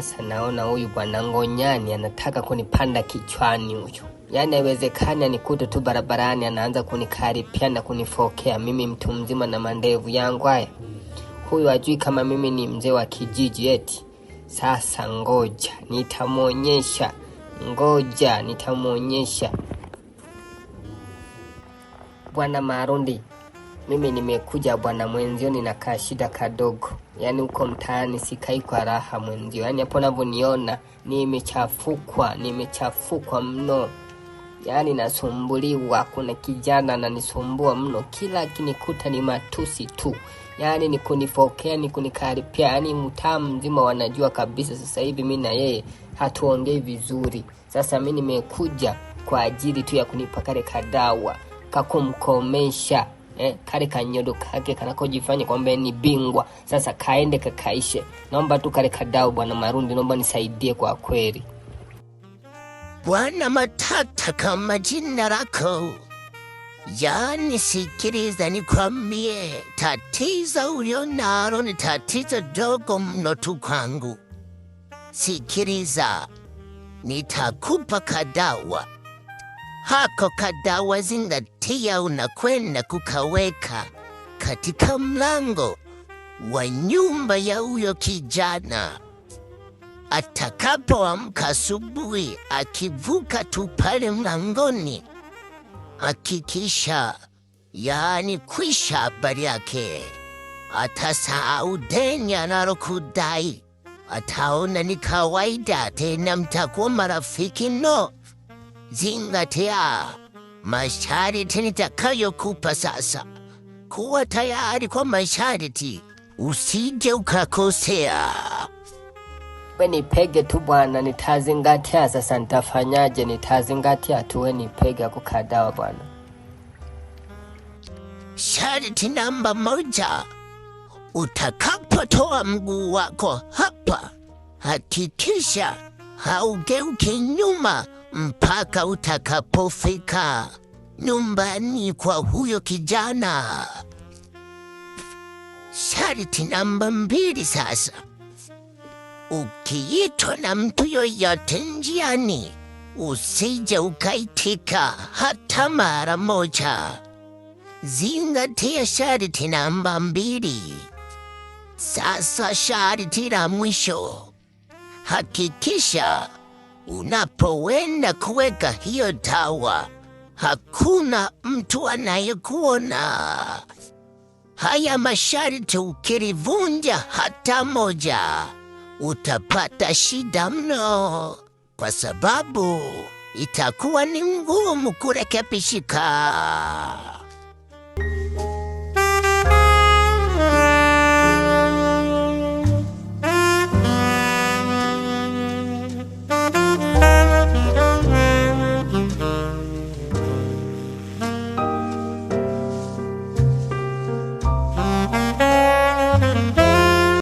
Sasa naona huyu bwana Ngonyani anataka kunipanda kichwani huyu. Yaani haiwezekani anikute tu barabarani anaanza kunikaripia na kunifokea mimi mtu mzima na mandevu yangu haya. Huyu ajui kama mimi ni mzee wa kijiji eti. Sasa ngoja nitamwonyesha, ngoja nitamwonyesha. Bwana Marundi, mimi nimekuja bwana mwenzio, ninakaa shida kadogo, yaani huko mtaani sikai kwa raha mwenzio, yaani hapo unavyoniona nimechafukwa, nimechafukwa mno, yaani nasumbuliwa. Kuna kijana ananisumbua mno, kila akinikuta ni matusi tu, yaani ni kunifokea, ni kunikaripia, yaani mtaa mzima wanajua kabisa. Sasa hivi mimi na yeye hatuongei vizuri. Sasa mimi nimekuja kwa ajili tu ya kunipa kale kadawa kakumkomesha eh, kale kanyodo kake kanakojifanya kwamba ni bingwa sasa kaende kakaishe. Naomba tu kale kadao, bwana Marundi, naomba nisaidie kwa kweli. Bwana Matata, kama jina lako yani, sikiriza nikwambie, tatizo ulio nalo ni tatizo dogo mno tu kwangu. sikiriza nitakupa kadawa hako kadawa zingatia, unakwenda kukaweka katika mlango wa nyumba ya huyo kijana. Atakapoamka asubuhi, akivuka tu pale mlangoni, hakikisha yaani kwisha habari yake. Atasahau deni analokudai, ataona ni kawaida, tena mtakuwa marafiki no Zingatia masharti nitakayokupa sasa. Kuwa tayari kwa masharti, usije ukakosea. We nipege tu bwana, nitazingatia. Sasa nitafanyaje? Nitazingatia tu, we nipege kukadawa bwana. Sharti namba moja, utakapotoa mguu wako hapa, hakikisha haugeuki nyuma mpaka utakapofika nyumbani kwa huyo kijana. Sharti namba mbili sasa, ukiitwa na mtu yoyote njiani, usije ukaitika hata mara moja. Zingatia sharti namba mbili. Sasa sharti la mwisho, hakikisha unapoenda kuweka hiyo dawa, hakuna mtu anayekuona. Haya masharti ukirivunja hata moja, utapata shida mno, kwa sababu itakuwa ni ngumu kurekebishika.